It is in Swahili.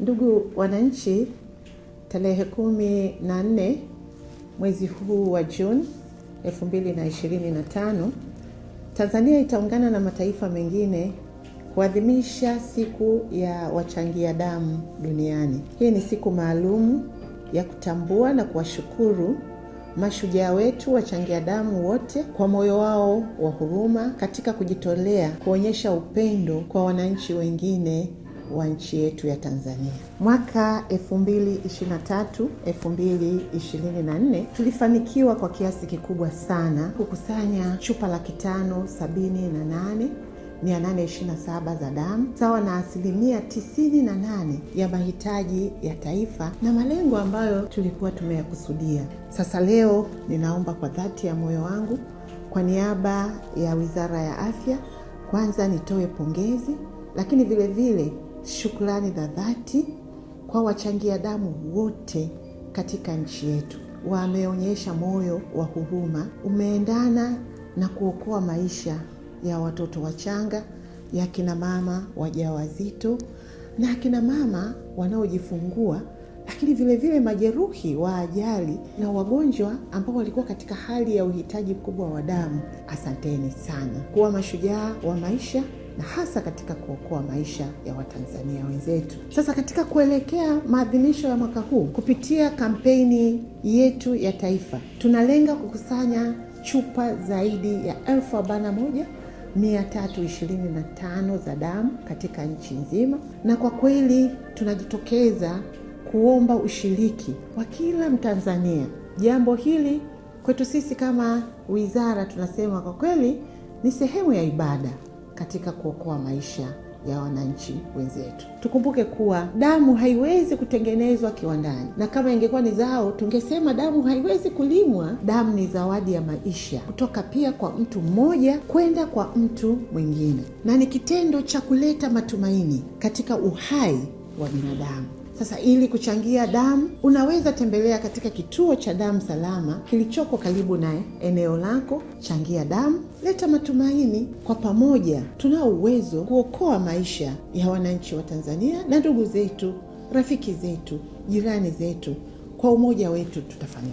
Ndugu wananchi, tarehe kumi na nne mwezi huu wa Juni 225 Tanzania itaungana na mataifa mengine kuadhimisha siku ya wachangia damu duniani. Hii ni siku maalum ya kutambua na kuwashukuru mashujaa wetu wachangia damu wote kwa moyo wao wa huruma katika kujitolea kuonyesha upendo kwa wananchi wengine wa nchi yetu ya Tanzania. Mwaka 2023 2024 tulifanikiwa kwa kiasi kikubwa sana kukusanya chupa laki tano sabini na nane 827 za damu sawa na asilimia 98 ya mahitaji ya taifa na malengo ambayo tulikuwa tumeyakusudia. Sasa leo ninaomba kwa dhati ya moyo wangu kwa niaba ya Wizara ya Afya, kwanza nitoe pongezi, lakini vile vile shukrani za dhati kwa wachangia damu wote katika nchi yetu. Wameonyesha moyo wa huruma, umeendana na kuokoa maisha ya watoto wachanga, ya kina mama wajawazito na akina mama wanaojifungua, lakini vilevile majeruhi wa ajali na wagonjwa ambao walikuwa katika hali ya uhitaji mkubwa wa damu. Asanteni sana kuwa mashujaa wa maisha na hasa katika kuokoa maisha ya Watanzania wenzetu. Sasa katika kuelekea maadhimisho ya mwaka huu, kupitia kampeni yetu ya taifa, tunalenga kukusanya chupa zaidi ya 41 325 za damu katika nchi nzima, na kwa kweli tunajitokeza kuomba ushiriki wa kila Mtanzania. Jambo hili kwetu sisi kama wizara tunasema kwa kweli ni sehemu ya ibada katika kuokoa maisha ya wananchi wenzetu. Tukumbuke kuwa damu haiwezi kutengenezwa kiwandani, na kama ingekuwa ni zao tungesema damu haiwezi kulimwa. Damu ni zawadi ya maisha kutoka pia kwa mtu mmoja kwenda kwa mtu mwingine, na ni kitendo cha kuleta matumaini katika uhai wa binadamu. Sasa ili kuchangia damu, unaweza tembelea katika kituo cha damu salama kilichoko karibu na eneo lako. Changia damu, leta matumaini. Kwa pamoja, tunao uwezo kuokoa maisha ya wananchi wa Tanzania na ndugu zetu, rafiki zetu, jirani zetu. Kwa umoja wetu tutafanya